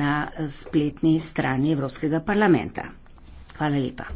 na spletni strani Evropskega parlamenta. Hvala lepa.